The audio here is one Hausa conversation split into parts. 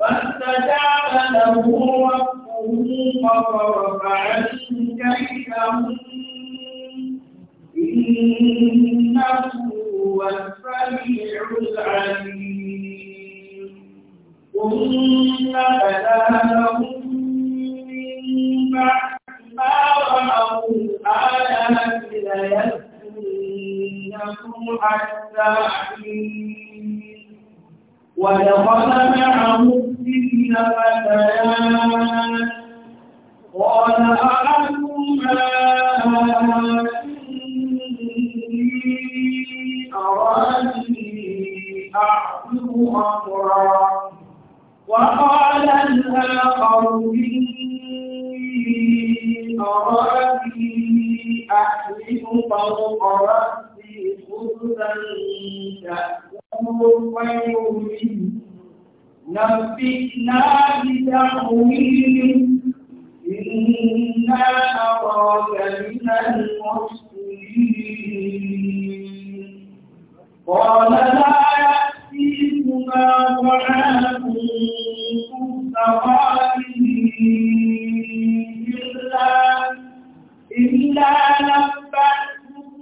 فاستجاب له ربه فصرف كيده إنه هو السميع العليم ثم بدا لهم من بعد ما رأوا الآيات ليسجنكم حتى حين ودخل معه السجن فتيان قال أحدهما إني أراني أعصر أمرا وقال الآخر إني أراني أحمل فوق رأسي خبزا هو خير منه نبئنا بتأويله إنا نراك من المحسنين قال لا يأتيكما طعام ترضانه إلا إلا نبأت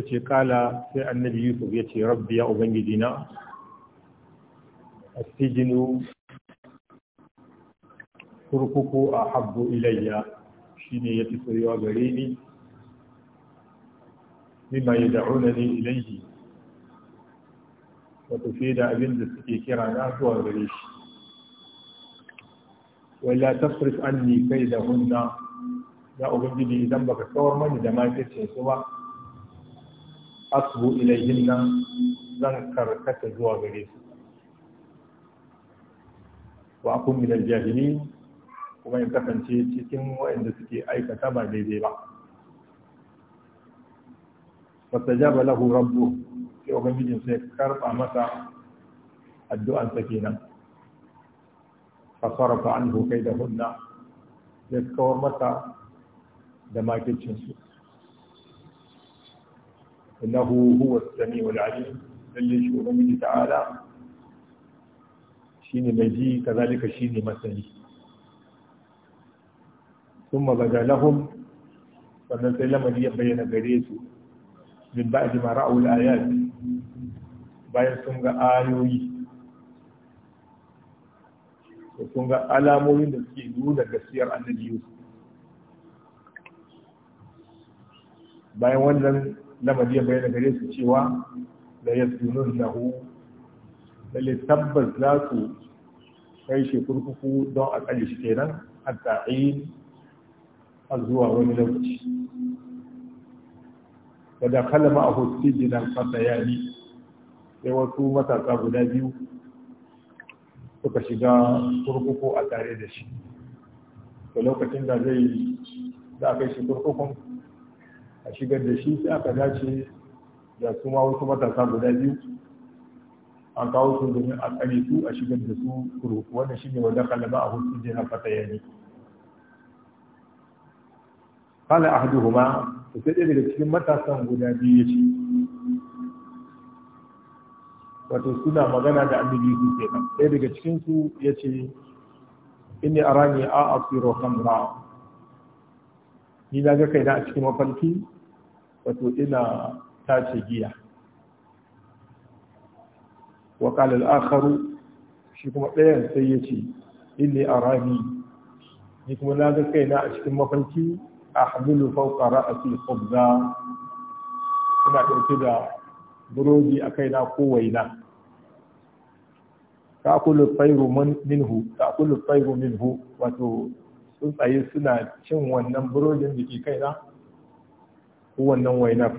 Ya ce kala sai annabi yusuf ya ce rabbi ya ubangiji na A asijinu kurkuku a habbu ilayya ne ya fi soyuwa gare ni mimma ya da'una ne ilayhi wato fiye da abin da suke kira na zuwa gare shi wala tafrif anni kai da hunna ya ubangiji idan baka kawar mani da makircin su ba asbu ilayhin nan zan karkata zuwa gare su wa akun min aljahili kuma in kasance cikin waɗanda suke aikata ba daidai ba fastajaba lahu rabbu sai ubangijin sai karba masa addu'an sa kenan fa sarafa anhu kaidahunna ya kawar masa da makicin su إنه هو السميع العليم للي شو من تعالى شين مجيء كذلك شين مسني ثم بدا لهم sannan sai lamari ya bayyana gare su min ba'di ma ra'u al-ayat bayan sun ga ayoyi to sun ga alamomin da suke nuna gaskiyar annabi Yusuf bayan wannan lamari ya bayyana gare su cewa da ya sunun lahu lalle tabbas za su kai shi kurkuku don a kalli shi kenan a ta'in a zuwa wani lokaci da da kalama a hosti gidan fata yani sai wasu matasa guda biyu suka shiga kurkuku a tare da shi da lokacin da zai za a kai shi kurkukun a shigar da shi sai aka dace da su ma wasu matasa guda biyu an kawo su domin a tsare su a shigar da su kuro wannan shi ne wanda kalaba a hutu je na fata yani kala ahaduhuma to sai ɗaya daga cikin matasan guda biyu ya ce wato suna magana da annabi su na. ɗaya daga cikin su ya ce inni arani a asiru hamra ni na ga kaina a cikin mafarki wato ina tace giya wa kala al shi kuma ɗayan sai ya ce a arani ni kuma na ga kaina a cikin mafarki ahmilu fawqa ra'si khubza ina ɗauke da burodi a kaina ko waina ta kulu tsairu minhu ta kulu tsairu minhu wato tsuntsaye suna cin wannan burodin da ke kaina ko wannan wainar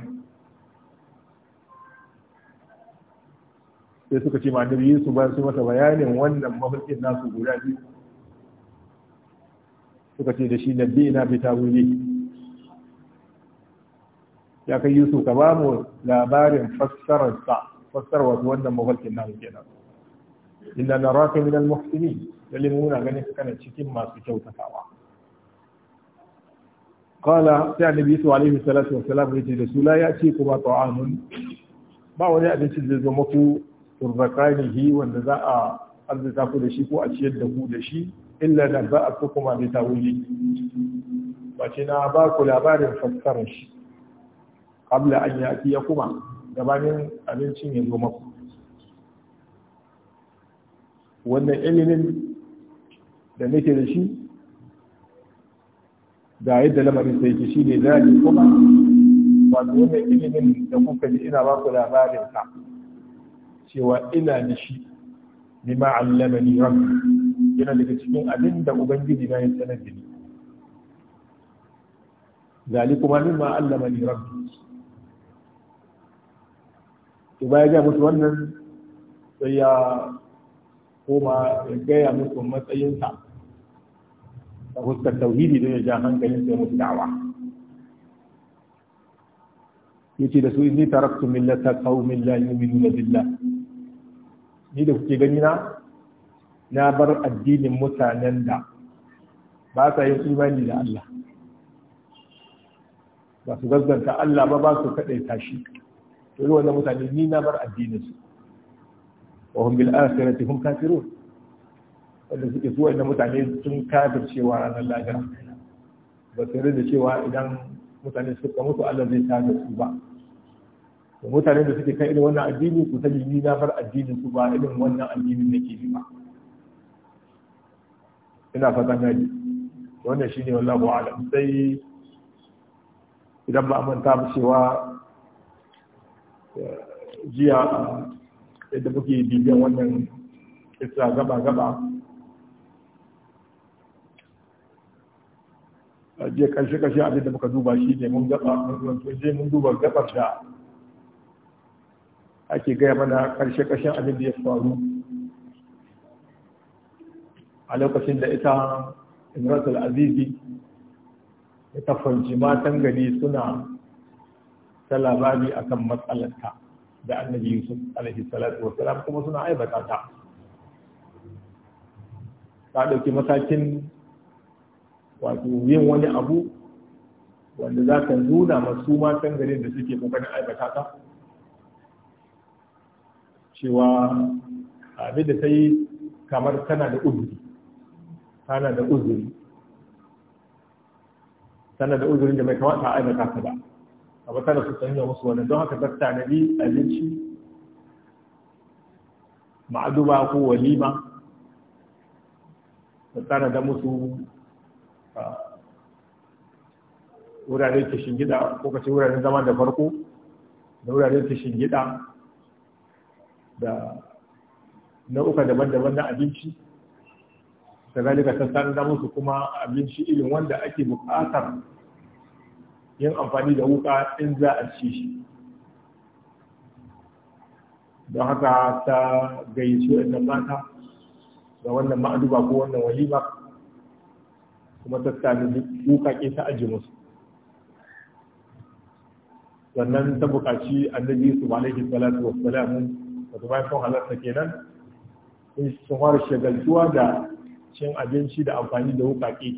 sai suka ce ma annabi Yusuf bayan su masa bayanin wannan mafarkin nasu guda biyu suka ce da shi na biyu ina bi wuri ya kai Yusuf ka ba mu labarin fassarar fassar wasu wannan mafarkin nasu kenan inna naraka min al-muhsinin dalilin muna ganin kana cikin masu kyautatawa qala sai annabi su alaihi salatu wassalam ya ce da su la ya ce ba ta'amun ba wani abincin da zama ku turzaqanihi wanda za a arzika ku da shi ko a ciyar da ku da shi illa da za a kuma da tawili ba ce na ba ku labarin fassarar shi Kabla an yati kuma gabanin abincin ya zo maku wannan ilimin da nake da shi da yadda lamarin sai ki shine zali kuma wato wannan ilimin da kuka ji ina ba ku labarin sa cewa ina da shi bima allamani rabbi yana daga cikin abin da ubangiji na ya sanar da ni zali kuma ma allamani rabbi to baya ga musu wannan sai ya koma ya gaya musu matsayinsa a fuskar tauhidi don ya ja hankalin sai musu da'awa ce da su inni taraktu millata qaumin la yu'minuna billah ni da kuke gani na na bar addinin mutanen da ba sa yin imani da Allah ba su gazzanta Allah ba ba su kadaita shi to wannan mutane ni na bar addinin su wa hum bil akhirati hum kafirun wanda suke su wa'annan mutane sun kafir cewa ranar lahira ba su da cewa idan mutane suka mutu Allah zai tada su ba da mutane da suke kan irin wannan addini ku sani ni na far addinin su ba irin wannan addinin nake ke ba ina na ji wannan shine wallahu a'lam sai idan ba a manta ba cewa eh, jiya yadda muke bibiyan wannan isa gaba-gaba je karshe karshe abin da muka duba shi ne mun gaba je mun duba gabar da ake gaya mana karshe karshen abin da ya faru a lokacin da ita imratul azizi ta fanci matan gari suna ta labari akan matsalarta da annabi yusuf alaihi salatu wasalam kuma suna aibata ta ta ɗauki matakin wato yin wani abu wanda za ka nuna masu matan garin da suke kokarin aikata ta cewa abin da ta yi kamar tana da uzuri tana da uzuri tana da uzuri da mai kamata a aikata ta ba abu da su sanya musu wani don haka dakta na bi abinci ma'aduba ko walima ta tsara da musu wuraren kishin gida ko kace wuraren zama da farko da wuraren kishin gida da nau'uka daban-daban na abinci da ta san da musu kuma abinci irin wanda ake buƙatar yin amfani da wuka in za a ci shi don haka ta gayyaci wannan mata ga wannan ma'aduba ko wannan walima kuma ta sami ke ta aji musu sannan ta buƙaci annabi su laifin salatu wassalam wato bayan sun halarta kenan sun fara shagaltuwa da cin abinci da amfani da wukake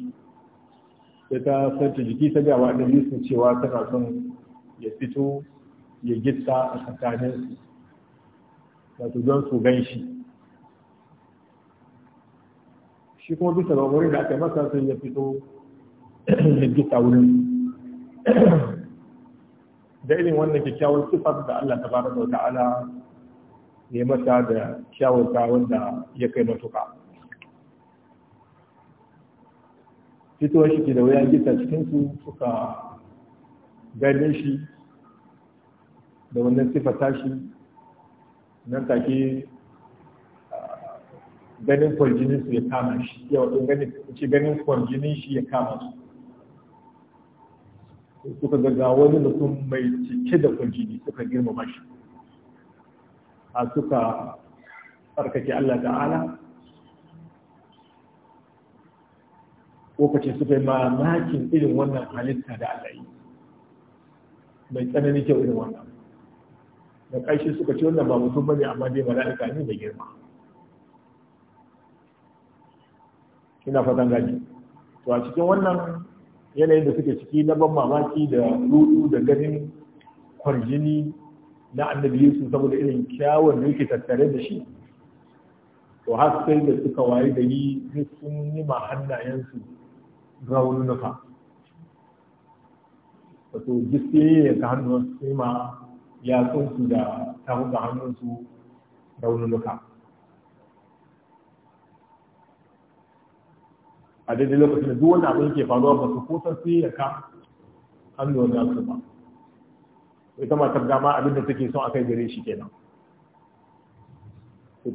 sai ta sarta jiki ta gawa annabi su cewa tana son ya fito ya gita a tsakaninsu wato don su gan shi shi kuma bisa ga wurin da aka masa sai ya fito ya gita wurin da irin wannan kyakkyawar sifar da Allah ta fara wa ta'ala ya masa da kyawar kyawunsa wanda ya kai matuka fitowar shi ke da wuyan gita cikinsu suka gani shi da wannan sifar tashi nan take ganin kwarjinin su ya kama shi ya wato ganin ce ganin kwarjinin shi ya kama su suka ga wani mutum mai cike da kwarjini suka girmama shi a suka tsarkake Allah ta'ala lokaci suka yi mamakin irin wannan halitta da Allah yi mai tsanani kyau irin wannan da ƙarshe suka ce wannan ba mutum bane amma dai mala'ika ne da girma ina fatan gaji to a cikin wannan yanayin da suke ciki na ban mamaki da rudu da ganin kwarjini na annabi Yusuf saboda irin kyawun da yake tattare da shi to har sai da suka wayi da yi sun yi ma hannayensu raununuka wato jiske ya ka hannun su ma yatsunsu da ta hannunsu raununuka a daidai lokacin da duwanda wani abin ke faruwa ba su ko san su yi ka an lura da su ba matar dama abin da take son a kai gare shi kenan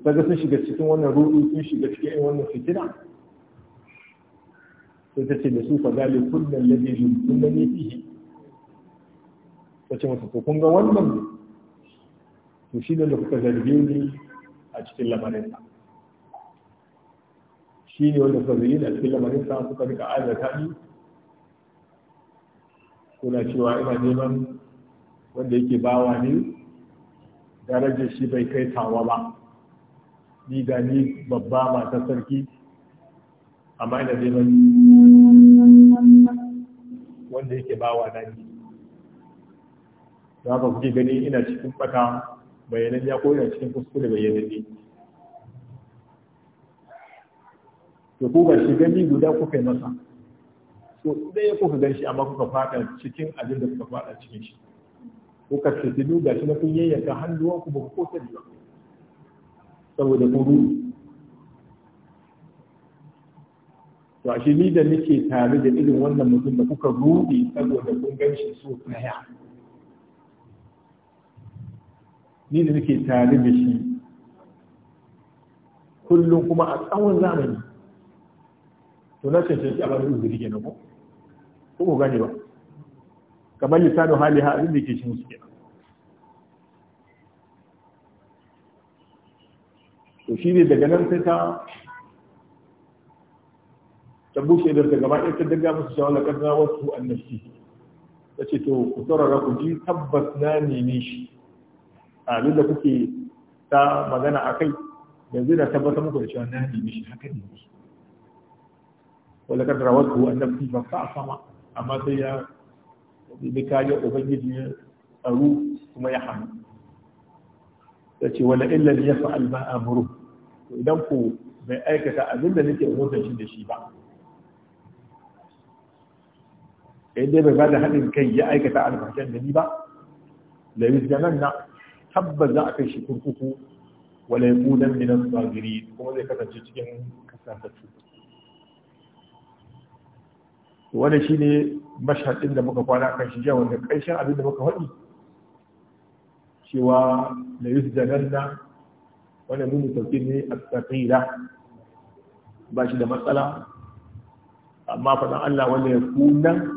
ta ga sun shiga cikin wannan rudu sun shiga cikin wannan fitina sai ta ce da su fa zali kullum ladhi yumkunani fihi ta ce masa to kun ga wannan to shi da kuka zarge a cikin lamarin sa shi ne wanda suka zai da cikin lamarin sa suka rika azata taɗi? kuna cewa ina neman wanda yake bawa ne darajar shi bai kai tawa ba ni ga ni babba mata sarki amma ina neman wanda yake bawa na ni za ka kuke gani ina cikin baka bayanan ya koya cikin kuskure bayanan ne Da kuma ba shi gani guda kuka yi masa to ya kuka gan shi amma kuka fada cikin abin da kuka fada cikin shi ce fitilu ga shi na kun yayyanka hannuwan ku ba ku kosa ba saboda kun rudu to ashe ni da nake tare da irin wannan mutum da kuka rudi saboda kun gan shi so ɗaya ni da nake tare da shi kullum kuma a tsawon zamani to na cancanci a bani uzuri kenan ko ko ku gane ba kamar lisanu hali ha abin da yake shi musu kenan to shi ne daga nan sai ta ta bushe da gaba ɗaya ta daga musu shawar da ƙarfi wasu annabi ta ce to ku saurara ku ji tabbas na nemi shi a duk da kuke ta magana a kai yanzu na tabbatar muku da cewa na nemi shi haka ne wala kad rawatu an nafsi fa fa'ama amma sai ya bi kariya ubangiji ya tsaro kuma ya hana ta ce wala illa ya fa'al a amuru idan ku bai aikata abin da nake umurtar shi da shi ba idan bai ba da haɗin kai ya aikata alfashan da ni ba la yuzganan na tabbas za a kai shi kurkuku wala yaqudan min as-sagirin kuma zai kasance cikin kasantattu shi shine mashaɗin da muka kwana kan shi wanda ƙarshen abin da muka faɗi cewa da la yusjadanna wannan nuna sauƙi ne as ba shi da matsala amma faɗin Allah wanda ya kuna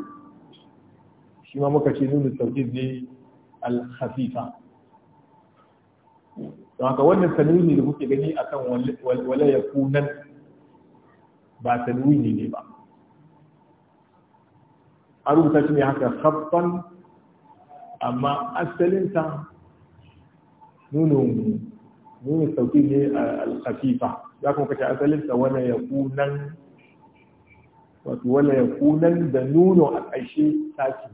shi ma muka ce nuna sauƙi ne al don haka wannan sanuni da kuke gani akan wale ya kunan ba sanuni ne ba an rubuta shi ne haka khaffan amma asalinta nunin nunin sauki ne alkhafifa ya kuma kace asalinta wala yakunan wato wala yakunan da nuno a ƙarshe taki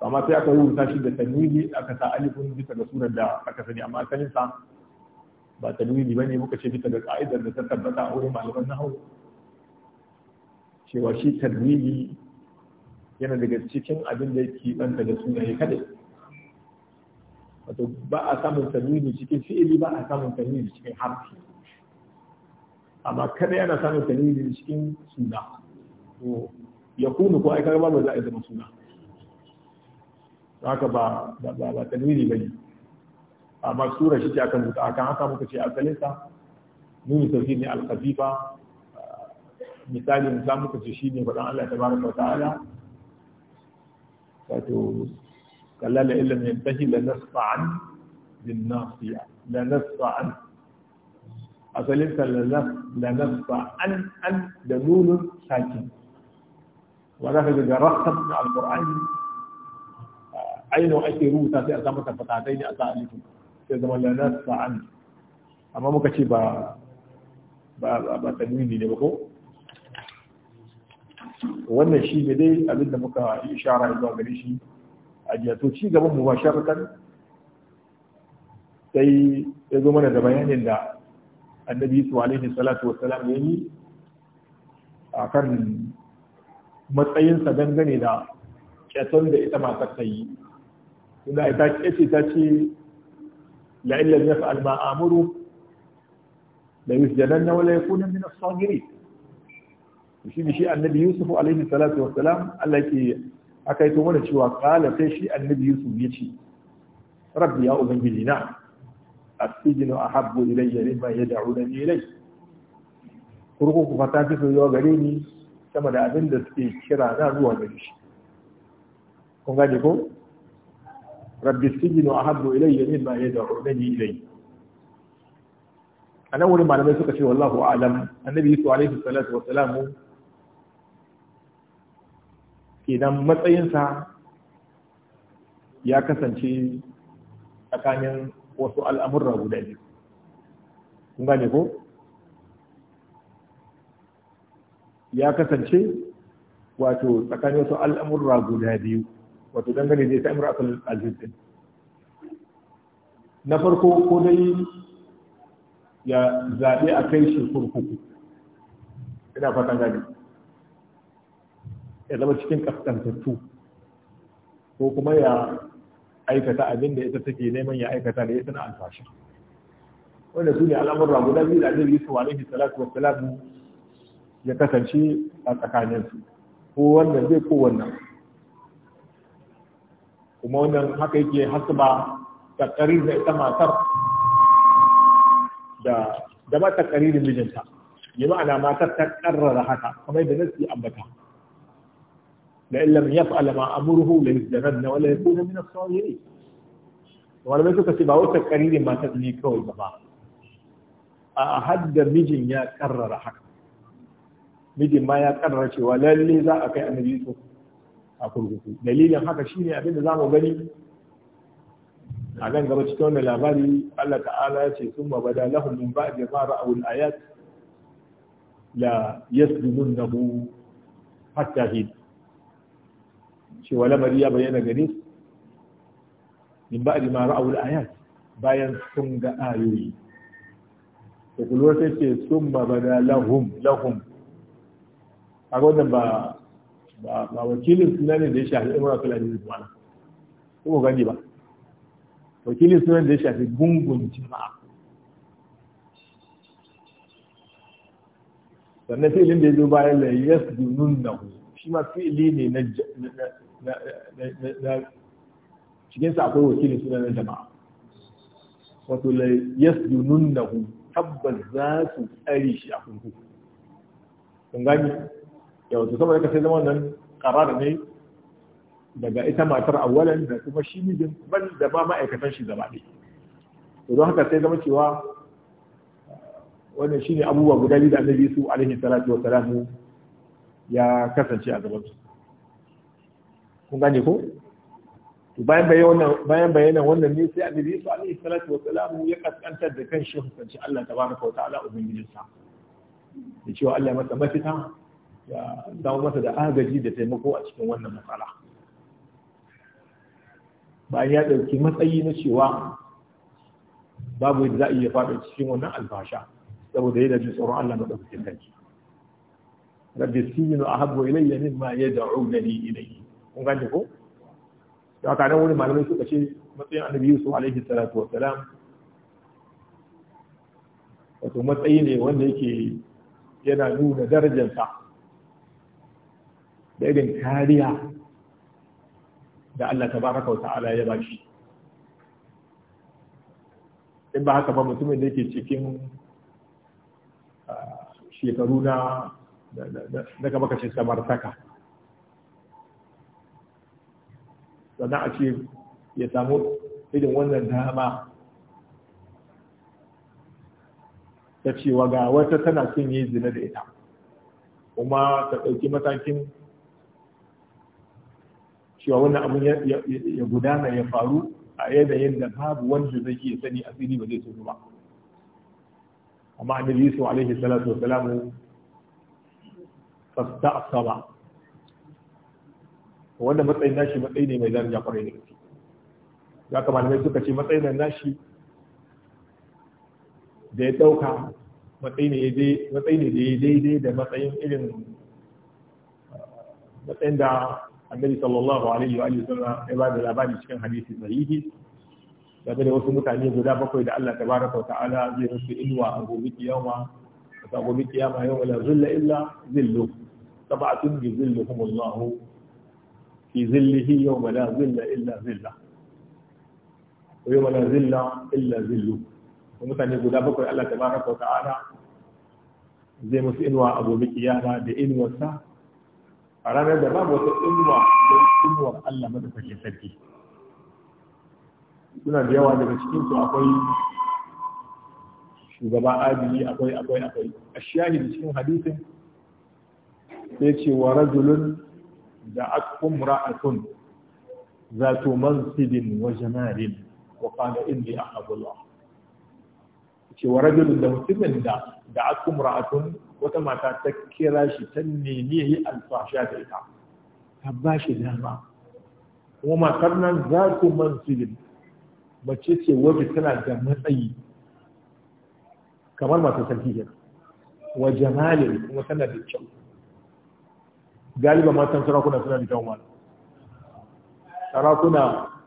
amma sai aka rubuta shi da tanwili aka sa alifun bisa ga surar da aka sani amma asalinsa ba tanwili bane muka ce bisa ga ka'idar da ta tabbata a wurin malaman nahwu cewa shi tarihi yana daga cikin abin da yake banta da sunaye kadai wato ba a samun tarihi cikin fi'ili ba a samun tarihi cikin harfi amma kada yana samun tarihi cikin suna to ya kunu ko ai kaga ba za a zama suna haka ba ba ba tarmihi amma sura shi ce akan mutu akan haka muka ce asalinsa nuni tauhid ne al-khafifa misali za muka ce shine faɗan Allah tabaraka wa ta'ala wato kallala la illam yantahi la nasfa'an bin nasiya la nasfa'an asalin kallala la nasfa'an an da nunun sakin wa za ka ga rakhas na alqur'ani aino ake rubuta sai a samu tafatatai ne a sa alifu sai zama la nasfa'an amma muka ce ba ba ba tanwini ne ba ko wannan shi ne dai abin da muka yi ishara zuwa gare shi a jiya to ci gaban mu ba sharatan sai ya zo mana da bayanin da annabi yusuf alaihi salatu salam ya yi a kan matsayinsa dangane da ƙyaton da ita matar ta yi tunda ita ƙyace ta ce la'ilal ya al ma'amuru da yusuf na wala kunan min as shi ne shi annabi yusuf alaihi salatu wassalam Allah yake aka yi mana cewa kala sai shi annabi yusuf ya ce rabbi ya ubangiji na asijinu ahabbu ilayya mimma yad'unani ilay Kurkun fa ta fi soyuwa gare ni sama da abin da suke kira na zuwa gare shi kun gane ko rabbi sijinu ahabbu ilayya mimma yad'unani ilay anan wani malamai suka ce wallahu a'lam annabi yusuf alaihi salatu wassalam idan matsayinsa ya kasance tsakanin wasu al'amurra guda biyu kun gane ko ya kasance wato tsakanin wasu al'amurra guda biyu wato dangane zai ta imra asal aljinsin na farko ko dai ya zaɓe a kai shi kurkuku ina fatan gani ya zama cikin kaskantattu ko kuma ya aikata abin da ita take neman ya aikata da ya tana alfashi wanda su ne al'amurra guda biyu da annabi Yusuf alaihi salatu wassalam ya kasance a tsakaninsu ko wannan zai ko wannan kuma wannan haka yake ba tattari da ita matar da da ba da mijinta yi ma'ana matar ta karrara haka kamar da nasi ambata لئن لم يفعل ما امره ليزدمن ولا يكون من الصاغرين ولا بيتو كتبه تكرير ما تدنيكو الجماعة أهد مجن يا كرر حق مجن ما يا كرر شي ولا اللي ذا أكي أمريكو أقول لك دليل حق الشيء يا بني زامو بني أعلن قبل شتون الأغاني قال تعالى ثم بدا لهم من بعد ما رأوا الآيات لا يسجنونه حتى هيد cewa lamari ya bayyana gare su min ba ma ra'awul ayat bayan sun ga ayoyi da kulwar ta ce sun ba bada lahum lahum a wannan ba ba wakilin suna ne da ya shafi imar lalini da zuwa ko gani ba wakilin suna da ya shafi gungun jama'a sannan fi'ilin da ya zo bayan la yasdunun nahu shi ma fi'ili ne na cikinsa akwai wakili suna na jama'a wato la yasjunun lahu tabbas za su tsare shi a kurkuku kun gani ya wato saboda ka sai zama nan karar ne daga ita matar awalan da kuma shi mijin ban da ba ma'aikatan shi gaba ɗaya to don haka sai zama cewa wannan shine abubuwa guda biyu da annabi su alaihi salatu wa salamu ya kasance a gaban su kun gane ko bayan bayanan wannan ne sai annabi Isa alaihi salatu wa salam ya kaskantar da kan shi hukunci Allah tabaraka wa ta'ala ubangijin sa da cewa Allah masa mafita ya dawo masa da agaji da taimako a cikin wannan matsala bayan ya dauki matsayi na cewa babu yadda za a iya faɗa cikin wannan albasha saboda yana jin tsoron Allah madaukakin sarki rabbi sinu ahabbu ilayya mimma yad'unani ilayhi kun gane ko da haka nan wani malamai suka ce matsayin annabi Yusuf alaihi salatu wa salam wato matsayi ne wanda yake yana nuna darajarsa da irin kariya da Allah baraka wa ta'ala ya bashi in ba haka ba mutumin da yake cikin ah, shekaru na daga makacin samartaka sannan a ce ya samu irin wannan dama ta cewa ga wata tana son yi zina da ita kuma ta ɗauki matakin cewa wannan abin ya gudana ya faru a yanayin da babu wanda zai iya sani asiri ba zai tsoro ba amma annabi yusuf alaihi salatu wasalamu fasta'saba wanda matsayin nashi matsayi ne mai daraja kwarai da gaske ya kama malamai suka ce matsayin nan nashi da ya dauka matsayi ne da ya daidai da matsayin irin uh, matsayin da annabi sallallahu alaihi wa alihi sallam ya ba da labari cikin hadisi sahihi game da wasu mutane guda bakwai da Allah tabaraka wa ta'ala zai musu inuwa a gobe kiyama ta gobe kiyama yau la zulla illa zillu tabatun bi zilluhum Allahu fi zillihi yau ma la zilla illa zilla wa yau ma zilla illa zillu mutane guda bakwai Allah ta baraka wa ta'ala zai musu inuwa a gobe kiyama da inuwarsa a ranar da babu wata inuwa don inuwar Allah madaukakin sarki suna da yawa daga cikin su akwai shugaba adili akwai akwai a da cikin hadisin sai ce wa da akum ra'atun zatu mansibin wa jamalin wa qala inni ahabullah ce wa rajulun da mutumin da da akum ra'atun wata mata ta kira shi ta nemi yi alfasha da ita ta ba shi dama kuma matar nan za ku mansibin mace ce wadda tana da matsayi kamar masu sarki ke wa jamalin kuma tana da kyau galiba matan sarakuna suna da kyau sarakuna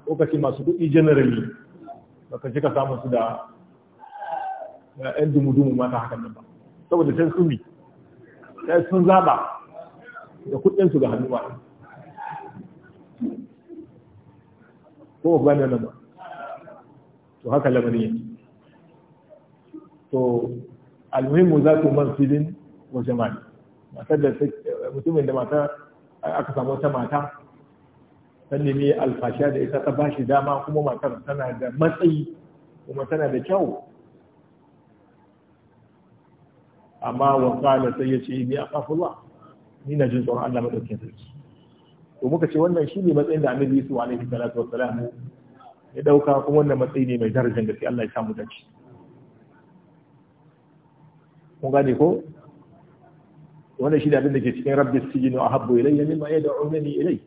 lokaci masu kudi generally baka ka samun su da yan dumudumu mata hakan nan ba saboda can sun bi sai sun zaba da kudinsu ga hannu ba ko ba ne nan ba to haka labari yake to almuhimmu za ku man filin wa jama'i matar da mutumin da mata aka samu wata mata ta nemi alfasha da ita ta bashi dama kuma matar tana da matsayi kuma tana da kyau amma wa qala sai ya ce ni aqafullah ni na jin tsoron Allah madaukakin sarki to muka ce wannan shi shine matsayin da Annabi Yusuf alaihi salatu wassalam ya dauka kuma wannan matsayi ne mai darajar gaske Allah ya samu dace kun gane ko wannan shi da abin da ke cikin rabbi sijinu a habbo ilayya mimma ya da'unani ilai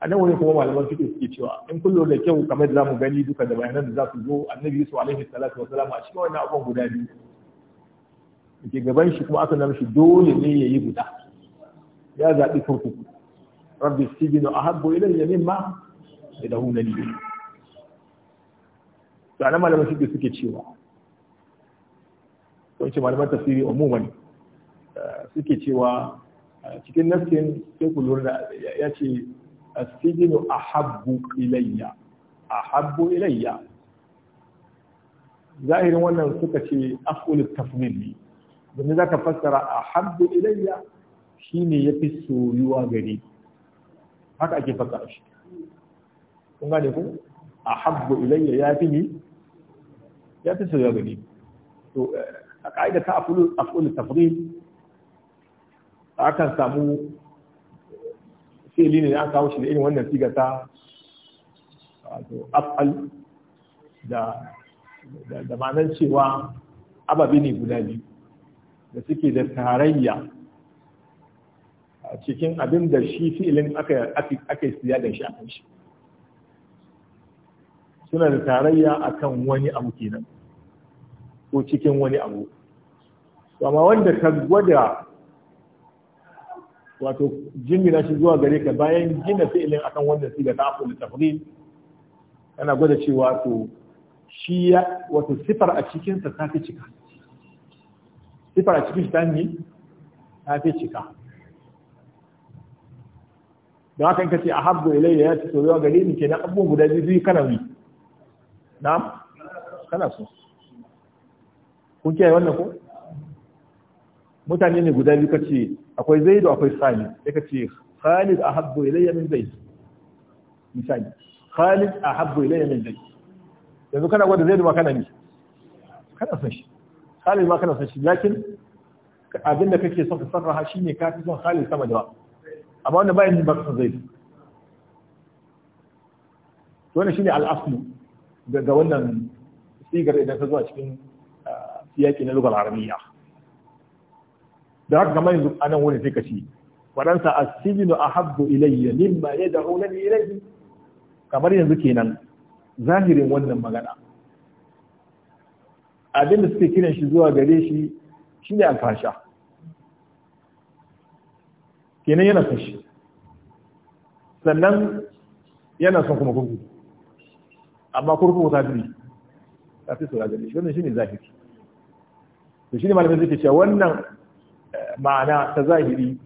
a nan wani kuma malaman fiƙe suke cewa in kullu da kyau kamar za mu gani duka da bayanan da za su zo annabi su alaihi salatu wa salam a cikin wannan abubuwan guda biyu ke gaban shi kuma aka namshi dole ne ya yi guda ya zaɓi kurkuku rabbi sijinu a habbo ilayya mimma ya da'unani ilai to a nan malaman fiƙe suke cewa ko in ce malaman tafsiri umuman suke cewa cikin nafsin sai ku lura da ya ce asijinu ahabbu ilayya ahabbu ilayya zahirin wannan suka ce af'ul tafdil ne domin zaka fassara ahabbu ilayya shine yafi soyuwa gare haka ake fassara shi kun gane ku ahabbu ilayya yafi ni yafi soyuwa gare to a ka'ida ta af'ul af'ul tafdil akan samu fi'ili ne da aka kawo shi da irin wannan siga ta af'al da da ma'anar cewa ababe ne guda biyu da suke da tarayya a cikin abin da shi fi'ilin aka yi siya da shi a kan shi suna da tarayya a kan wani abu kenan ko cikin wani abu amma wanda ka gwada wato jimina shi zuwa gare ka bayan gina fi'ilin akan wannan siga ta aful tafdil yana gwada cewa to shi ya wato sifar a cikin sa ta fi cika sifar a cikin shi ta ne ta fi cika Da haka kace a da ilayya ya ci soyuwa gare ni kenan abubuwan guda biyu kana wi na'am kana so kun kiyaye wannan ko mutane ne guda biyu kace akwai zaidu akwai khalid sai ka ce khalid ahabbu ilayya min zaid misali khalid ahabbu ilayya min zaid yanzu kana gwada zaidu ma kana ni kana san shi khalid ma kana san shi lakin abin da kake son ka shi ne ka fi son khalid sama da amma wanda bayan ba ka san zaidu wannan shine al ga wannan sigar idan ka zo a cikin ah, yaƙi na lugar arabiya da haka kamar yanzu anan wani sai ka ci faransa asijinu ahabbu ilayya mimma yad'unani ilayhi kamar yanzu kenan zahirin wannan magana abin da suke kiran shi zuwa gare shi shine alfasha kenan yana kashi sannan yana son kuma kurkuku amma kurkuku ta fi ta fi gare shi wannan shine zahiri to shine malamin zai ce wannan ma'ana ta zahiri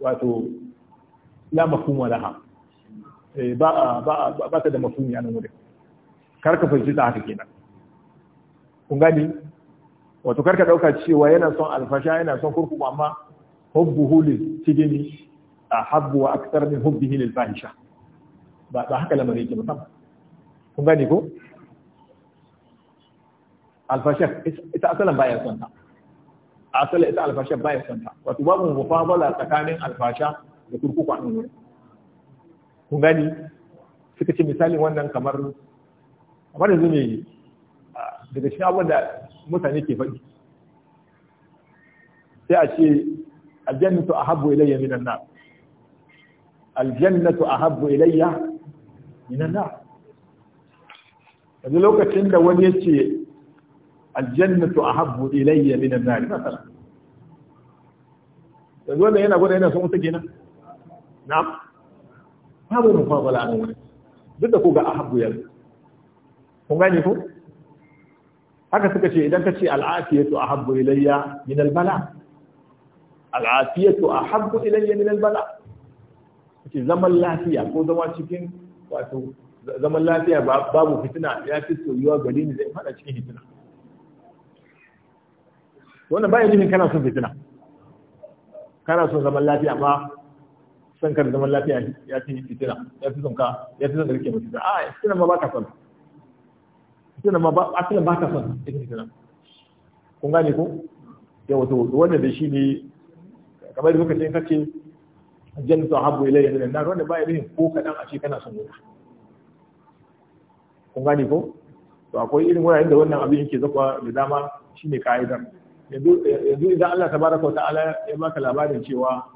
wato la mafhuma laha eh, ba ba ba ta da mafhumi a nan wurin kar ka fahimci ta haka kenan kun gani wato kar ka dauka cewa yana son alfasha yana son kurkuku amma hubbuhu lil tigini ahabbu wa akthar min hubbihi lil fahisha ba ba haka lamarin yake musamman kun gani ko alfasha ita asalan baya son ta a ita alfasha ba ya santa wato babu mufabala tsakanin alfasha da kurkuku a nan ku kun gani suka ce misali wannan kamar kamar yanzu ne daga shi abin da mutane ke faɗi sai a ce aljannatu habu ilayya minan na aljannatu habu ilayya minan na. yanzu lokacin da wani ya ce الجنة أحب إلي من النار مثلا masalan yanzu هنا yana gwada yana son نعم kenan na'am babu mufadala a nan duk da هم ga هو yanzu gane haka suka ce idan ka ce al'afiyatu ahabbu ilayya min al-bala al'afiyatu ahabbu ilayya min al-bala kace zaman lafiya ko zama cikin wato zaman lafiya babu fitina ya fi soyuwa gari ne zai fada cikin fitina wannan bayan jini kana son fitina kana son zaman lafiya amma son kar zaman lafiya ya fi fitina ya fi son ka ya fi son ka rike mutum a fitina ma ka son fitina ma ba ba ka son ita fitina kun gane ko ya wato wanda da shi ne kamar da ce in jan jannatu habbu ilayya min an-nar wannan baya nufin ko kadan a ce kana son wuta kun gane ko to akwai irin wuraren da wannan abin yake zakwa da dama shine ka'idar yanzu idan Allah ta baraka wa ta'ala ya baka labarin cewa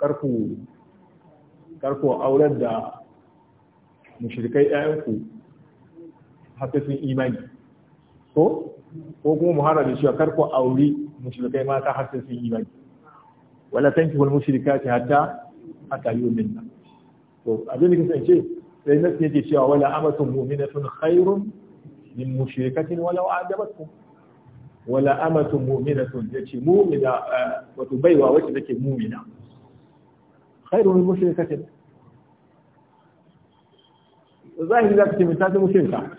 karku karku auren da mushrikai ƴaƴanku hafifin imani ko ko kuma muhara da cewa karku auri mushrikai mata har sai sun imani wala tankihul mushrikati hatta hatta yu'minna to abin da kasan ce sai nasu yake cewa wala amatun mu'minatun khairun min mushrikatin wala a'jabatkum wala amatu mu'minatun yace mu'mina wato baiwa wacce take mu'mina khairun min mushrikatin zahiri zaka ce misali mushrika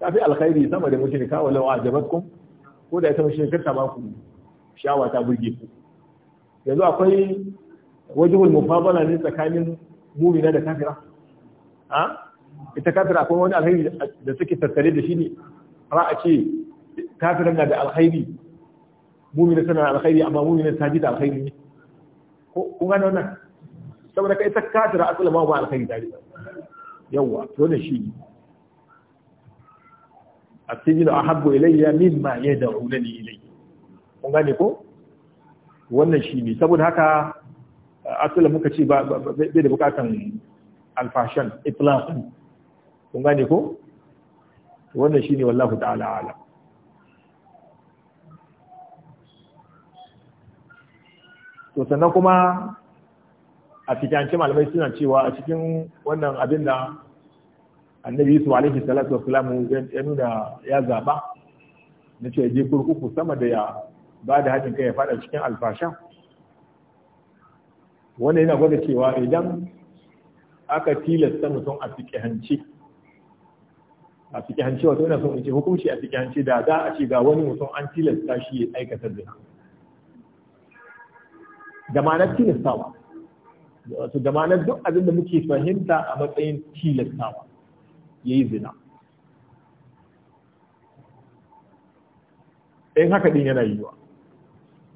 tafi alkhairi sama da mushrika walau ajabatkum ko da ita mushrikar ta baku shawa ta burge ku yanzu akwai wajibul mufadala ne tsakanin mu'mina da kafira ita kafira akwai wani alkhairi da suke tattare da shi ne ra'a a ce kafirin na da alkhairi mumina tana da alkhairi amma mumina ta ji da alkhairi ne ko kun gane wannan saboda kai ta kafira asali ma ba alkhairi ta ji yawa to ne shi asijinu ahabbu ilayya mimma yad'unani ilayhi kun gane ko wannan shi ne saboda haka asali muka ce ba bai da bukatan alfashan iflaqan kun gane ko wannan shi shine wallahu ta'ala alam to sannan kuma a cikin malamai suna cewa a cikin wannan abin da annabi yusuf alaihi salatu wassalam ya nuna ya zaba na ce je kurkuku sama da ya ba da haɗin kai ya fada cikin alfasha wannan yana gwada cewa idan aka tilasta mutum a hanci a hanci wato yana son in hukunci a hanci da za a ce ga wani mutum an tilasta shi ya aikata da da tilastawa wato da duk abin da muke fahimta a matsayin tilastawa ya yi zina in haka din yana yiwa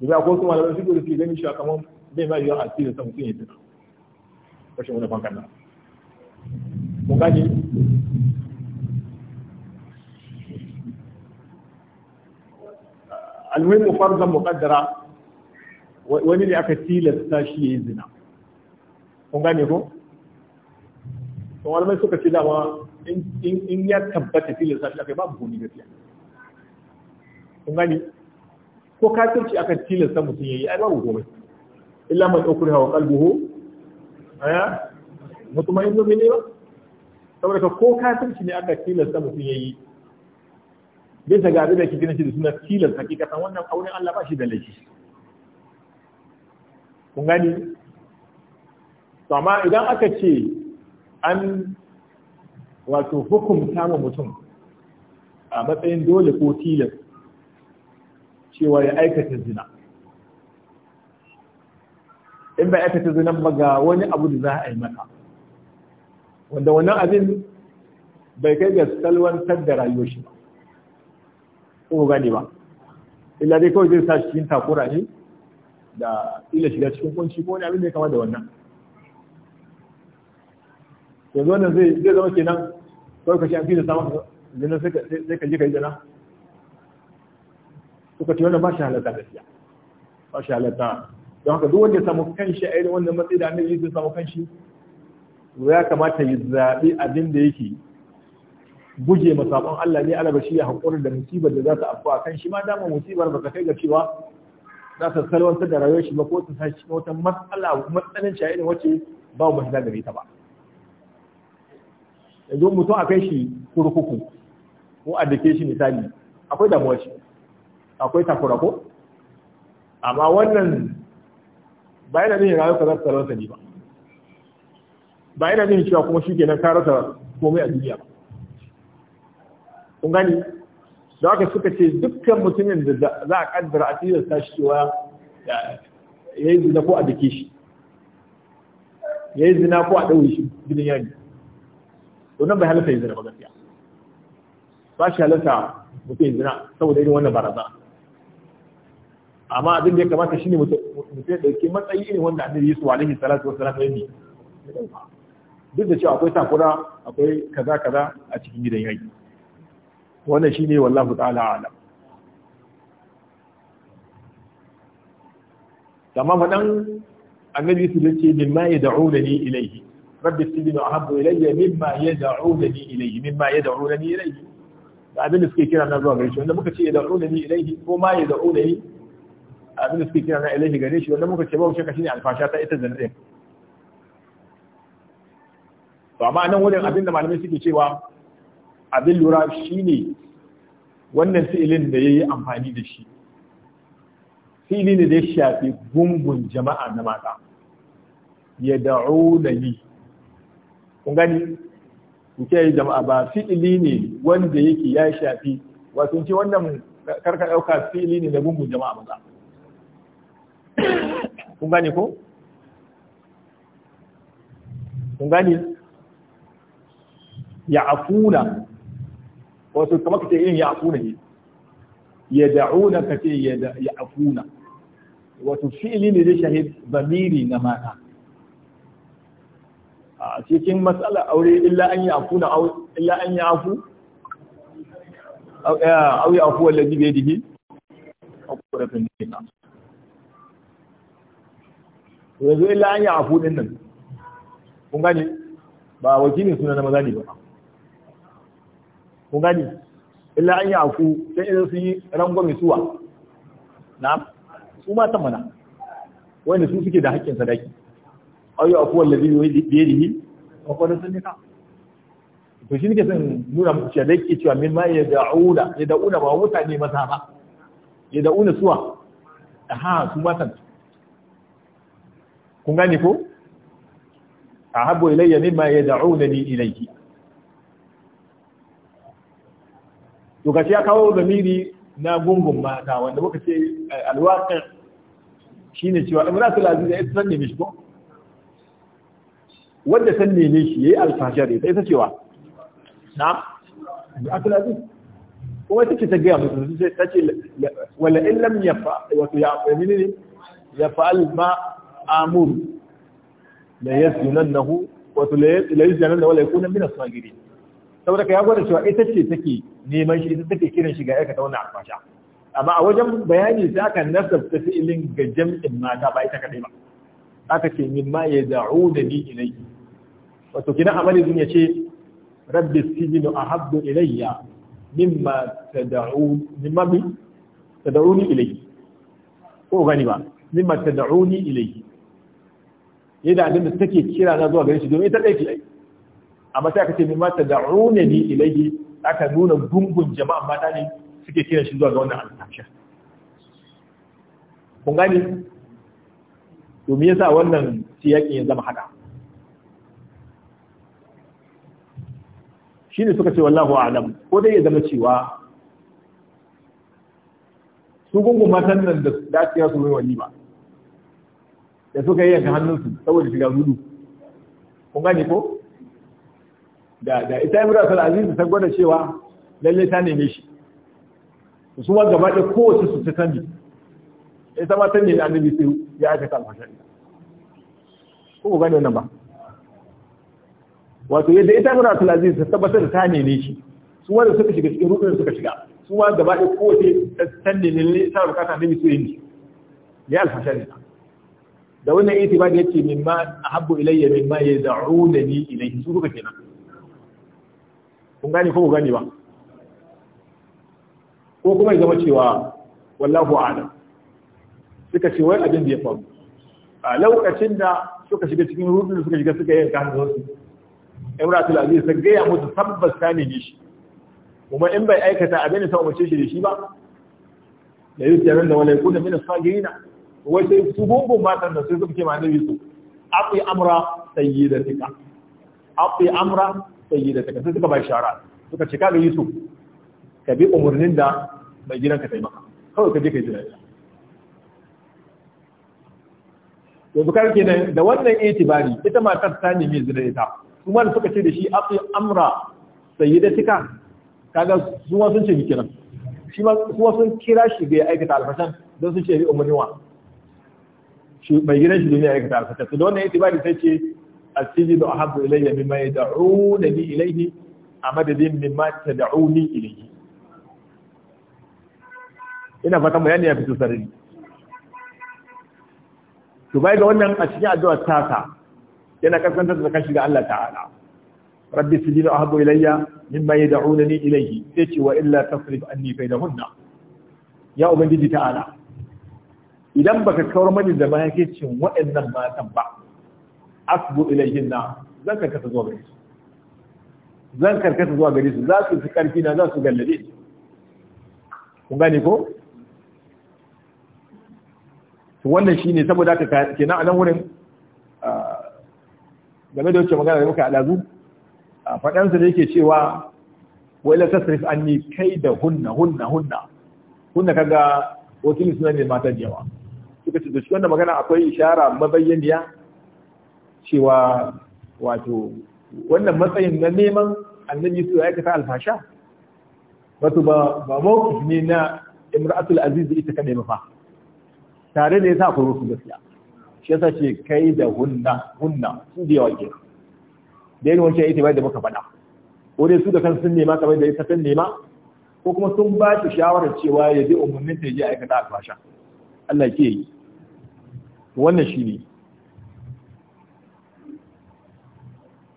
yanzu akwai kuma malamai suke da gani shi kamar bai ma yiwa a tilasta mutum ya zina rashin wani fankan nan mun gani almuhimmu farzan muqaddara wani ne aka tilasta shi ya yi zina kun gane ko to malamai suka ce dama in ya tabbata tilasta shi aka babu goni gafiya kun gane ko kafirci aka tilasta mutum yayi ai babu komai illa man ukriha wa qalbuhu aya mutmainnu bi ne ba saboda ka ko kafirci ne aka tilasta mutum yayi bisa ga abin da ke gina shi da suna tilasta hakikatan wannan aure Allah ba shi da laifi kun gani amma idan aka ce an wato hukumta wa mutum a matsayin dole ko tilas cewa ya aikata zina in bai aikata zina ba ga wani abu da za a yi mata wanda wannan abin bai kai ga salwantar da rayuwar shi ba ko gani ba illa dai kawai zai sa shi cikin takura ne da ila shiga cikin kunci ko wani abin da ya kama da wannan yanzu wannan zai zai zama kenan kawai ka shi an fi da samun zina sai ka je ka yi zina suka ce wannan ba shi halatta gaskiya ba shi halatta don haka duk wanda ya samu kanshi a irin wannan matsayi da annabi zai samu kanshi ya kamata ya zaɓi abin da yake guje ma saƙon Allah ne alaba shi ya haƙuri da musibar da za ta afko a kan shi ma dama musibar ba ta kai ga cewa za ka salwantar da rayuwar shi ba ko ta sashi wata matsala matsalin shi irin wacce ba mu shiga gare ta ba yanzu mutum a kai shi kurkuku ko a dake shi misali akwai damuwar shi akwai takura ko amma wannan ba yana nuna rayuwar ka za ta salwantar ne ba ba yana nuna cewa kuma shi ke ka rasa komai a duniya kun gani da haka suka ce duk dukkan mutumin da za a kaddara a tilasta ta cewa ya yi zina ko a dake shi ya yi zina ko a ɗaure shi gidan yari to nan bai halatta yi zina ba gaskiya ba shi halatta mutum ya zina saboda irin wannan baraza amma abin da ya kamata shine mutum ya ɗauki matsayi irin wanda annabi wa alaihi salatu wassalam ya yi duk da cewa akwai takura akwai kaza kaza a cikin gidan yari wannan shine wallahu ta'ala a'lam amma fadan annabi su ce min ma ya da ni ilaihi rabbi sibinu ahabbu ilayya mimma ya da ni ilaihi mimma ya da ni ilaihi da abin da suke kira na zuwa gare shi wanda muka ce ya da ni ilaihi ko ma ya da ni abin da suke kira na ilaihi gare shi wanda muka ce ba shakka shine alfasha ta ita zanne to amma nan wurin abin da malamai suke cewa abin lura shine wannan fi'ilin da yayi amfani da shi fili ne da ya shafi gungun jama'a na mata ya da'o da yi kun gani kuke yi jama'a ba fili ne wanda yake ya shafi wato ce wannan karka ɗauka fili ne na gungun jama'a maza kun gani ko kun gani ya afuna wato kamar ka ce irin ya afuna ne ya da'una ka ce ya afuna wato fi'ili ne zai shahid bamiri na mata a cikin matsala aure illa an afu na illa an yafu afu yafu wallazi dihi a aquratun nisa to yanzu illa an afu din nan kun gani ba wakilin suna na maza ne ba kun gani illa an afu, sai idan su yi mai suwa na'am su matan mana wanda su suke da haƙƙin sadaki ayu akwai wallazi bi yadihi wa qad sunnika to shi nake son nuna muku cewa da yake cewa min ma ya da'una ya da'una ba mutane maza ba ya da'una suwa aha su matan kun gane ko ahabu ilayya mimma li ilayhi to gashi ya kawo zamiri na gungun mata wanda muka ce eh, alwaqi ne cewa imratul aziz ya ita neme shi ko wanda san neme shi yayi alfasha da ita ita cewa na imratul aziz wata take ta gaya musu sai ta ce wala in lam yafa wato ya amini ya fa'al ma amur la yasjunannahu wato la yasjunannahu wala yakuna min as-sagirin saboda ka ya gwada cewa ita ce take neman shi ita take kiran shi ga aikata wannan alfasha amma a wajen bayani sai aka nasabta fi'ilin ga jam'in mata ba ita kadai ba aka ce min ma ya da'u da ni ilayhi wato kina amali din ce, rabbi sijinu ahabbu ilayya mimma tad'u mimma bi ni ilayhi ko gani ba mimma ni ilayhi yadda abin da take kira na zuwa gare shi domin ita dai ce ai amma sai aka ce mimma ni ilayhi aka nuna gungun jama'a mata ne suke kira shi zuwa ga wannan alfasha kun gani domin yasa wannan siyakin ya zama haka ne suka ce wallahu a'lam ko dai ya zama cewa su gungun matan nan da daciya su mai ba, da suka yi yanka hannunsu saboda shiga zulu kun gani ko da ita yi sal aziz ta gwada cewa lalle ta neme shi su gaba ɗaya kowace su ta canji ya zama canji da annabi sai ya aikata alfasha ita ko ku gani wannan ba wato yadda ita muna tulazi ta tabbatar da ta nene shi su wanda suka shiga cikin rukun suka shiga su ma gaba ɗaya kowace ta nene ne ta bukata annabi sai ne ya alfasha ita da wannan itibari yace mimma ahabbu ilayya da ni ilayhi su kuka kenan kun gane ko ku gane ba ko kuma ya zama cewa wallahu a'lam suka ce wai abin da ya faru a lokacin da suka shiga cikin rudin suka shiga suka yi kan su imratul aziz sai gaya musu tabbas ta ne shi kuma in bai aikata abin da ta umarce shi da shi ba da yi tsaron da walai kuna min sagirina wai sai su gungun matan da sai suka ce ma yi su afi amra sayyidatika afi amra sayyidatika sai suka bai shara suka ce kaga yusuf ka bi umarnin da mai gidan ka taimaka, kawai ka je ka yi tunani yanzu kar kenan da wannan itibari ita matar ta nemi zina ta, kuma da suka ce da shi afi amra sayyidatika kaga su ma sun ce bi kiran shi ma kuma sun kira shi ga aikata alfashan don sun ce bi umarnin wa shi gidan shi domin aikata alfashan to da wannan itibari sai ce asijidu ahabbu ilayya mimma ni ilayhi a madadin mimma ni ilayhi ina fatan mu ya fito sarari to bai ga wannan a cikin addu'a ta ta yana kasantar da kashi ga Allah ta'ala rabbi sijinu ahabu ilayya mimma yad'unani ilayhi sai wa illa tasrif anni bainahunna ya ubangiji ta'ala idan baka kawar mani da mahaifin wa'annan matan ba asbu ilayhinna zan karkata zuwa gare su zan karkata zuwa gare su za su fi karfi na za su gallabe Ku gane ko wannan shine saboda ka kenan a nan wurin game da wacce magana da muka alazu a faɗansa da yake cewa wai la tasrif anni kai da hunna hunna hunna hunna kaga wakil suna ne mata yawa suka ce da shi wannan magana akwai ishara mabayyaniya cewa wato wannan matsayin na neman annabi su ya kafa alfasha wato ba ba mawqif ne na imra'atul aziz ita kadai ba tare da ya sa akwai wasu gaskiya shi yasa ce kai da hunna hunna su da yawa ke da yin wancan ita bai da muka faɗa ko dai su da kan sun nema kamar da ita sun nema ko kuma sun ba shi shawarar cewa ya bi umarnin ta je aikata a fasha Allah ke yi wannan shi ne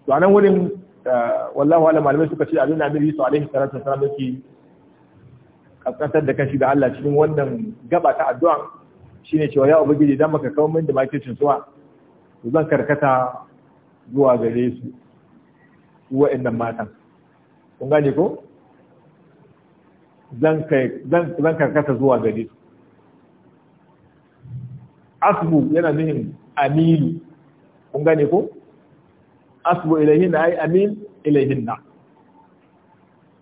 to anan wurin eh, wallahu ala malamai suka ce abin da amiri su alaihi salatu wasallam yake kaskantar da kashi da Allah cikin wannan gaba ta addu'a Shi ne cewa ya ubangiji idan baka kawo min da makircin suwa to zan karkata zuwa gare su wa'annan matan kun gane ko zan karkata zuwa gare su asbu yana nuhin aminu kun gane ko asbu na ay amin na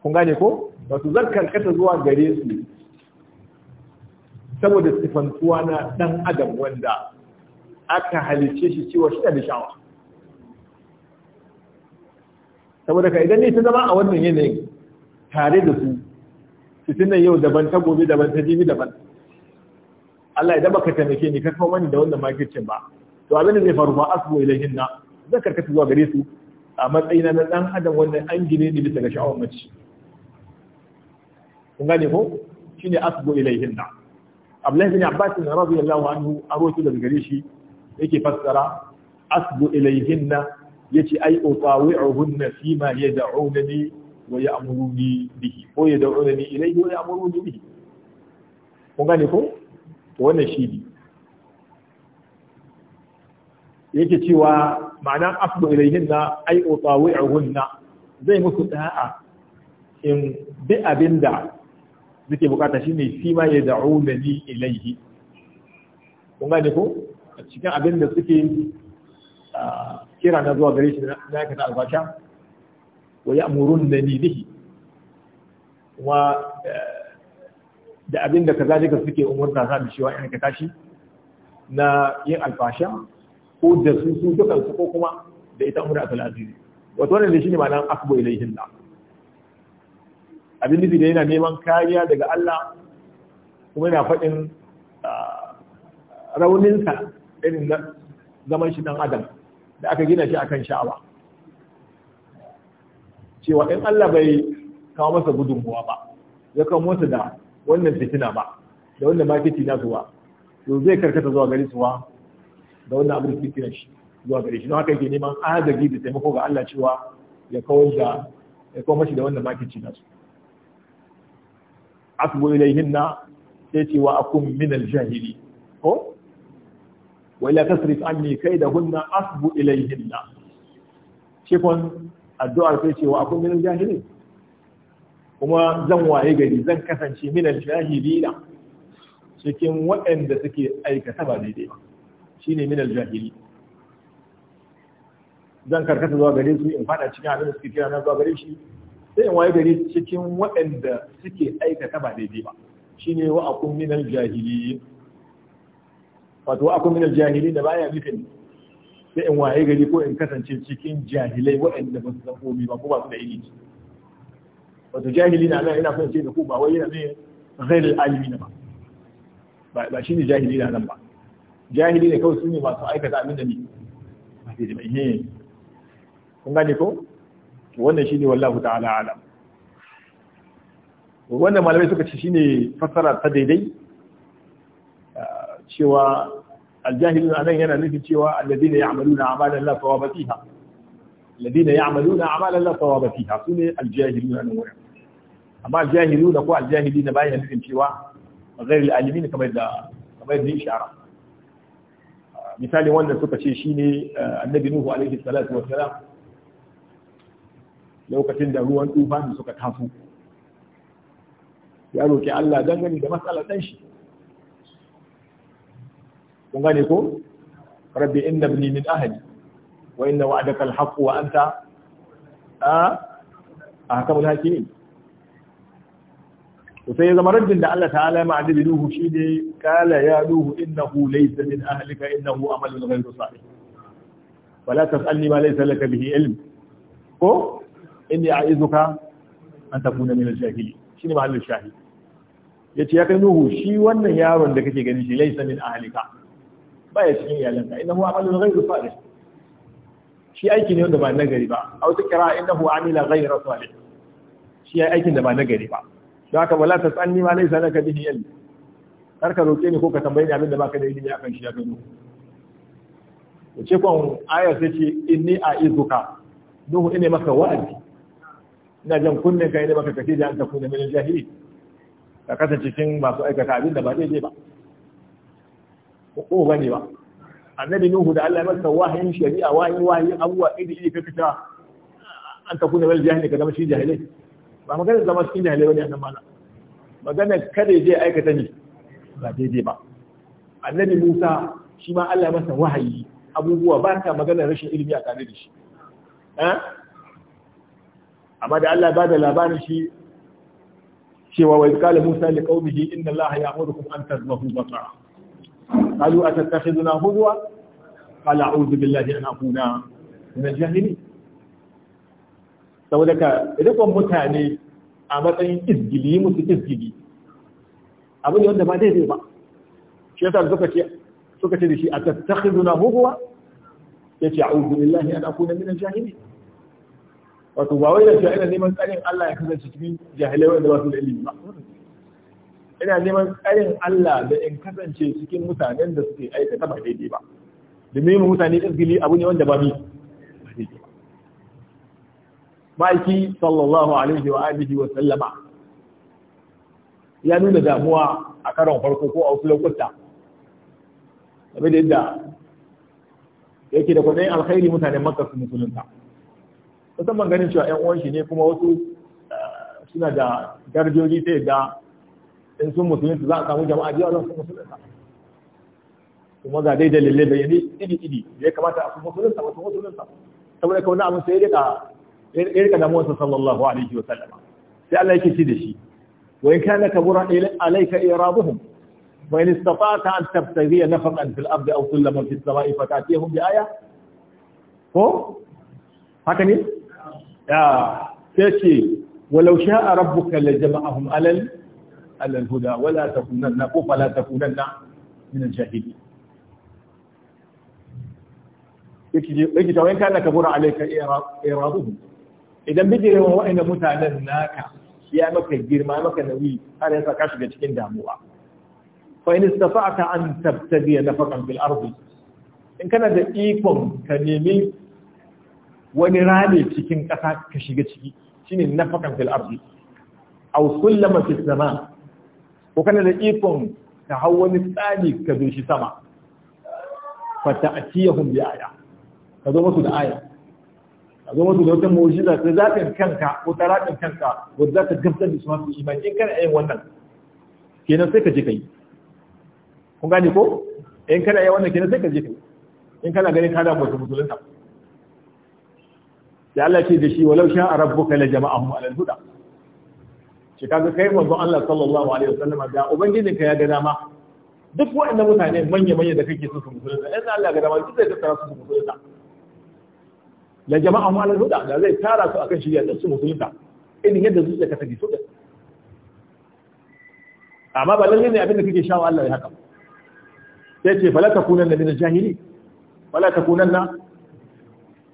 kun gane ko wasu zan karkata zuwa gare su saboda sifantuwa na dan adam wanda aka halice shi cewa shi da sha'awa saboda ka idan ne ta zama a wannan yanayin tare da su fitinan yau daban ta gobe daban ta jibi daban Allah idan baka taimake ni ka kawo mani da wannan makircin ba to abin da zai faru ba asbu ilayhin na zan karkata zuwa gare su a matsayina na dan adam wannan an gine ni bisa ga sha'awar mace kun gane ko shine asbu ilayhin na Abdullahi bin Abbas radiyallahu anhu aroki daga gare shi yake fassara asbu ilayhinna yace ai utawi'uhunna fi ma yad'unani wa ya'muruni bihi ko yad'unani ilayhi wa ya'muruni bihi kun gane ko to wannan shi ne yake cewa ma'ana asbu ilayhinna ai utawi'uhunna zai musu da'a in bi abinda suke bukata shine fi ma ni ilaihi. kun gane ko a cikin abin da suke kira na zuwa gare shi na aikata albasha wa ni bihi kuma eh, da abin da kazalika suke umurta sa da shiwa 'yan aikata shi na yin albasha, ko da su su dukansu ko kuma da ita umar abdulaziz wato wannan shine ma'anar akbo ilaihin da abin nufi da yana neman kariya daga Allah kuma yana faɗin ah, rauninsa irin zaman shi ɗan adam da aka gina shi akan sha'awa cewa in Allah bai kawo masa gudunmuwa ba ya kawo masa da wannan fitina ba da wannan makiti na zuwa to zai karkata zuwa gari suwa da wannan abin fitina shi zuwa gari shi don haka yake neman agaji da taimako ga Allah cewa ya kawo da ya kawo mashi da wannan na zuwa atubu ilayhinna sai ce wa akun min aljahili jahili ko wa la tasrif anni kaidahunna asbu ilayhinna shi kon addu'ar sai ce wa akun min aljahili jahili kuma zan waye gari zan kasance min al cikin waɗanda suke aikata ba daidai ba shine min aljahili jahili zan karkata zuwa gare su in fada cikin abin da suke kira na zuwa gare shi sai in waye gari cikin waɗanda suke aikata ba daidai ba ne wa akun minal jahili wato wa akun jahili da baya nufin sai in waye gari ko in kasance cikin jahilai waɗanda ba su san komai ba ko ba su da ilimi wato jahili na nan ina son ce da ku ba wai yana ne ghairul alimin ba ba shi ne jahili na nan ba jahili ne kawai su ne masu aikata abin da ni ba daidai ba eh. kun gane ko wannan shine wallahu ta'ala alam wannan malamai suka ce shine fassara ta daidai ah, cewa aljahilun anan yana nufin cewa alladina ya'maluna amalan la thawaba fiha alladina ya'maluna amalan la thawaba fiha sune aljahilun anan wurin amma aljahiluna ko aljahilina yana nufin cewa ghairul alimin kamar da kamar da ishara ah, misali wanda suka ce shine ah, annabi nuhu alaihi salatu wassalam lokacin da ruwan tufani suka taso ya roki Allah dangane da matsalar ɗan shi kun gane ko rabbi inna ibni min ahli wa inna wa'adaka al-haqq wa anta a haka ahkamul hakimin sai ya zama raddin da Allah ta'ala ya ma'adabi Nuhu shi ne kala ya Nuhu innahu laysa min ahlika innahu amalun ghayru salih wala tas'alni ma laysa laka bihi ilm ko inni izuka an takuna min shahili shi ne mahallin Ya ce ya kai nuhu shi wannan yaron da kake gani shi laisa min Ba ya cikin iyalanka innahu amalun ghayru salih shi aiki ne wanda ba nagari ba a wata kira innahu amila ghayra salih shi ya aikin da ba nagari ba don haka wala tasanni ma laysa laka bihi ilm kar ka roke ni ko ka tambaye ni abin da baka da ilimi akan shi ya kai nuhu ce kwan aya sai ce inni Izuka, nuhu ine maka wa'azi ina jan kunnen kai ne baka kace da an tafi da mai jahili ka kasance cikin masu aikata abin da ba daidai ba ko gani ba annabi nuhu da Allah ya masa wahayin shari'a wahayin wahayin abuwa idi idi kake ta an tafi da mai jahili ka zama shi jahili ba magana zama cikin jahili bane annabi mana magana kada je aikata ne ba daidai ba annabi Musa shi ma Allah ya masa wahayi abubuwa ba ta magana rashin ilimi a tare da shi eh amma da Allah ba da labarin shi cewa wa qala musa li qaumihi inna allaha kuma an tadhbahu baqara qalu atattakhiduna huzwa qala a'udhu billahi an akuna min al-jahilin saboda ka rikon mutane a matsayin izgili musu izgili abu ne wanda ba daidai ba shi yasa suka ce suka ce da shi atattakhiduna huzwa yace a'udhu billahi an akuna min al-jahilin wato ba wai da cewa ina neman tsarin Allah ya kasance cikin jahilai wanda ba su da ilimi ba ina neman tsarin Allah da in kasance cikin mutanen da suke aikata ba daidai ba domin mutane izgili abu ne wanda ba ni ba sallallahu alaihi wa alihi wa sallama ya nuna damuwa a karon farko ko a wasu lokuta saboda yadda yake da kwaɗayin alkhairi mutanen makka su musulunta musamman ganin cewa yan uwan shi ne kuma wasu eh, suna da darajoji sai da in sun su za a samu jama'a jiya don sun sa kuma ga dai dalilai da yanzu idi idi da ya kamata a kuma sa wasu sa saboda kawai na abin sai ya rika damuwarsa sallallahu alaihi wa sallama sai Allah yake ci da shi وإن كان كبر عليك إيرادهم وإن استطعت أن تبتغي نفقا في الأرض أو سلما في السماء فتأتيهم بآية هو هكذا sai ce walau sha'a rabbuka la jama'ahum alal alal huda wala takunanna ko fala takunanna min al-jahili yake ta wayan kana kabura alayka iraduhu idan bijire wa wa'anda mutanen naka ya maka girma maka nauyi har ya saka shiga cikin damuwa fa in istafa'ta an tabtaghi nafaqan fil ardi in kana da ikon ka nemi wani rami cikin ƙasa ka shiga ciki shine nafakan fil ardi aw sullama fis sama ko kana da ikon ka hau wani tsani ka zo shi sama fa ta'tiyahum bi aya ka zo musu da aya ka zo musu da wata mu'jiza ta zatin kanka ko ta taratin kanka wanda za ta gamsar da su masu imani in kana yin wannan kenan sai ka je kai kun gane ko in kana yin wannan kenan sai ka je kai in kana ganin ka da musulunta da Allah ce da shi walau sha a rabbuka la jama'ahum ala al-huda shi kaga kai manzon Allah sallallahu alaihi wasallam da ubangijin ka ya ga dama duk waɗannan mutane manya manya da kake so su musulunta in Allah ga dama duk zai tattara su su musulunta la jama'ahum ala al-huda da zai tara su akan shirya da su musulunta irin yadda zuciya ka tafi so da amma ba lalle ne abinda da kake shawo Allah ya haka sai ce fala takunanna min al-jahili kunan na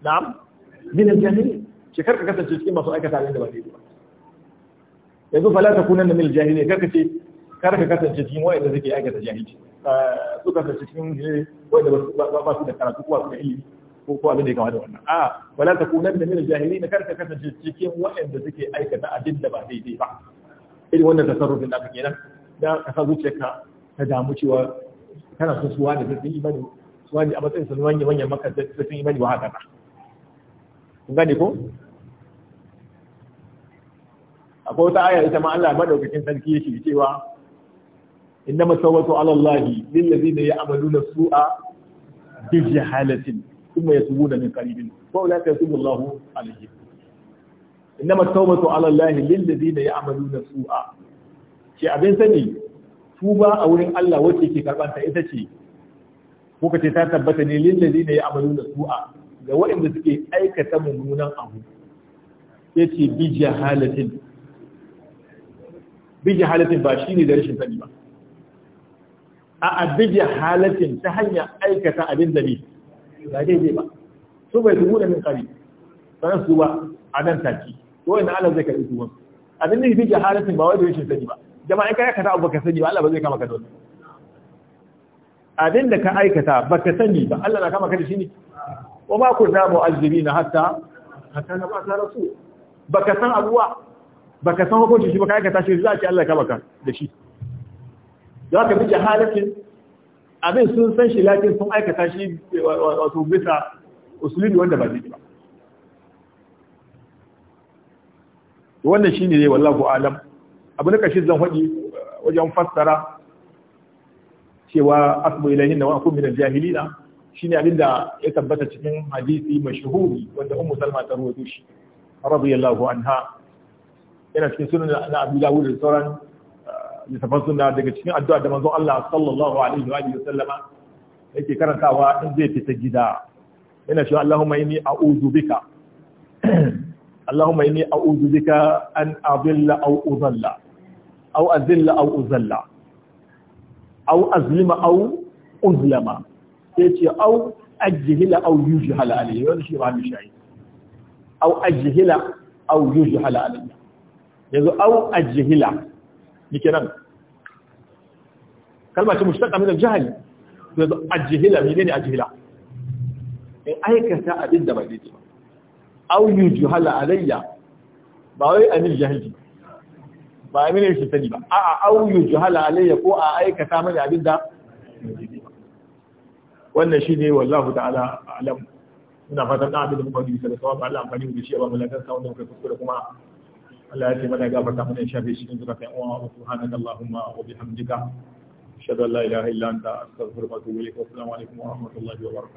na'am min jahili ce karka kasance cikin masu aikata abin da ba daidai ba yanzu fala ta kunan da al-jahili karka ce karka kasance cikin wa'anda suke aikata jahili ah, su kasance cikin eh, wa'anda ba su da karatu ko ba su da ilimi ko ko abin da ya kama da wannan a ah, falata kunan da al-jahili karka kasance cikin wa'anda suke aikata abin da ba daidai ba irin wannan tasarrufin da kake nan da ka sa zuciyarka ta damu cewa kana son suwa da zafin imani suwa ne a matsayin sanuwan yawan yamma ka zafin imani wa haka gani ko akwai wata aya ita ma Allah madaukakin sarki yake cewa inna masawatu ala Allah lil ladina ya'maluna su'a bi jahalatin kuma yasubuna min qaribin fa ulaka yasubu Allahu alayhi inna masawatu ala Allah lil ladina ya'maluna su'a ce abin sani tuba a wurin Allah wacce ke karbanta ita ce kuka ce ta tabbata ne lil ladina ya'maluna su'a da waɗanda suke aikata mummunan abu ya ce bi jahalatin ba shi ne da rashin sani ba a abin halatin ta hanyar aikata abin da ne ba daidai ba su bai tuhu da min kari sanar su ba a nan taki to wani Allah zai karɓi tuwon abin da bi halatin ba wai da rashin sani ba jama'a ka aikata abu baka sani ba Allah ba zai kama ka dole abin da ka aikata baka sani ba Allah na kama ka da shi ne wa ma kunna mu'azzibina hatta hatta na ba ta rasu baka san abuwa baka san hukunci shi baka aikata shi za ki Allah ka baka da shi za ka bi jahalatin abin sun san shi lakin sun aikata shi wato bisa usulubi wanda ba zai ba wannan shine ne wallahu alam abu na kashi zan faɗi wajen fassara cewa asbu ilahin na wa akum min al-jahilina shine abin da ya tabbata cikin hadisi mashhuri wanda ummu salma ta rawaito shi radiyallahu anha yana cikin sunan na abu dawud da sauran ah, littafan sunna daga cikin addu'a da manzon Allah sallallahu alaihi wa alihi sallama yake karantawa in zai fita gida yana cewa Allahumma inni a'udhu bika Allahumma inni a'udhu bika an adilla aw udalla aw aw aw azlima aw uzlama sai ce au ajhila au yujhala alayhi wannan shi ba mu shayi au ajhila au yujhala alayhi yanzu au ajhila nike nan kalma ce mushtaqa min al-jahl yanzu ajhila menene ajhila in aikata abin da bai dace ba au yujhala alayya ba wai anil jahili ba amina shi sani ba a'a au yujhala alayya ko a aikata mani abin da wannan shine wallahu ta'ala alam ina fatan da abin da muka yi da sawaba Allah amfani da shi ba mulakan sa wanda muka da kuma Allah ya ce mana gafarta mana shafe shi cikin zakatan uwa wa subhanaka allahumma wa bihamdika ashhadu an la ilaha illa anta astaghfiruka wa atubu ilaik wa assalamu alaikum wa rahmatullahi wa barakatuh